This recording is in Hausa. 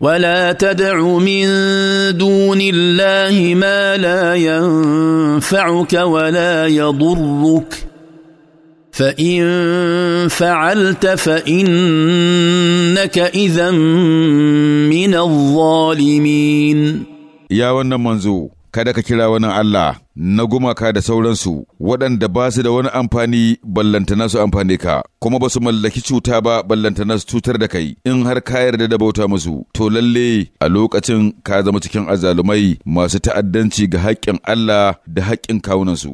ولا تدع من دون الله ما لا ينفعك ولا يضرك فان فعلت فانك اذا من الظالمين يا ون منزو kada ka kira wani Allah na gumaka da sauransu waɗanda ba su da wani amfani ballantana su amfani ka kuma ba su mallaki cuta ba ballantana su cutar da kai in har ka yarda da bauta musu to lalle a lokacin ka zama cikin azalumai masu ta'addanci ga haƙƙin Allah da haƙƙin kawunansu